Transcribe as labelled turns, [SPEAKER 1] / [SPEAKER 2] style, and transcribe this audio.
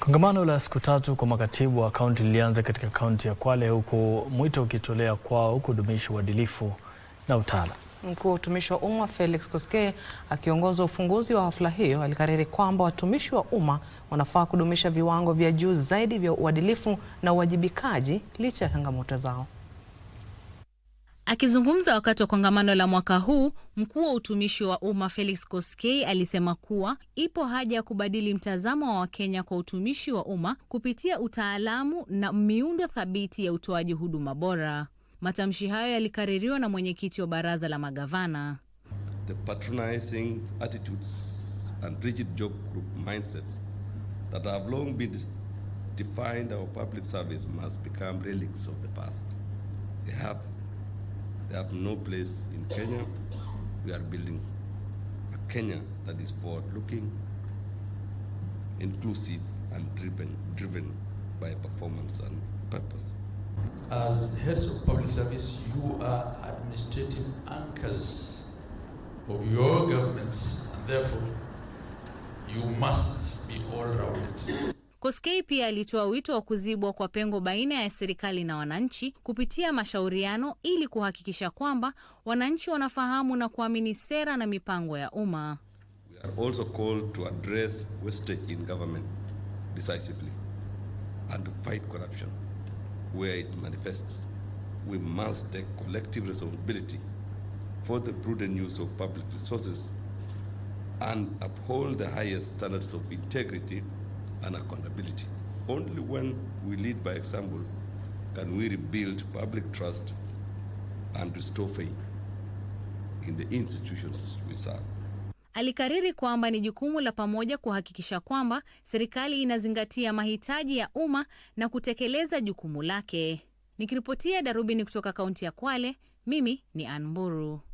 [SPEAKER 1] Kongamano la siku tatu kwa makatibu wa kaunti lilianza katika kaunti ya Kwale huku mwito ukitolea kwao kudumisha uadilifu na utawala.
[SPEAKER 2] Mkuu wa utumishi wa umma Felix Koskei akiongoza ufunguzi wa hafla hiyo alikariri kwamba watumishi wa umma wanafaa kudumisha viwango vya juu zaidi vya uadilifu na uwajibikaji licha ya changamoto zao.
[SPEAKER 3] Akizungumza wakati wa kongamano la mwaka huu, mkuu wa utumishi wa umma Felix Koskei alisema kuwa ipo haja ya kubadili mtazamo wa Wakenya kwa utumishi wa umma kupitia utaalamu na miundo thabiti ya utoaji huduma bora. Matamshi hayo yalikaririwa na mwenyekiti wa baraza la magavana.
[SPEAKER 4] The patronizing attitudes and rigid job group mindsets that have long been defined our public service must become relics of the past. They have They have no place in Kenya. We are building a Kenya that is forward-looking, inclusive, and driven, driven by performance and purpose.
[SPEAKER 5] As heads of public service, you are administrative anchors of your governments, and therefore you must be all-rounded.
[SPEAKER 3] Koskei pia alitoa wito wa kuzibwa kwa pengo baina ya serikali na wananchi kupitia mashauriano ili kuhakikisha kwamba wananchi wanafahamu na kuamini sera na mipango ya umma.
[SPEAKER 4] We are also called to address wastage in government decisively and to fight corruption where it manifests. We must take collective responsibility for the prudent use of public resources and uphold the highest standards of integrity and accountability. Only when we lead by example can we rebuild public trust and restore faith in the institutions we serve.
[SPEAKER 3] Alikariri kwamba ni jukumu la pamoja kuhakikisha kwamba serikali inazingatia mahitaji ya umma na kutekeleza jukumu lake. Nikiripotia Darubini kutoka kaunti ya Kwale, mimi ni Anburu.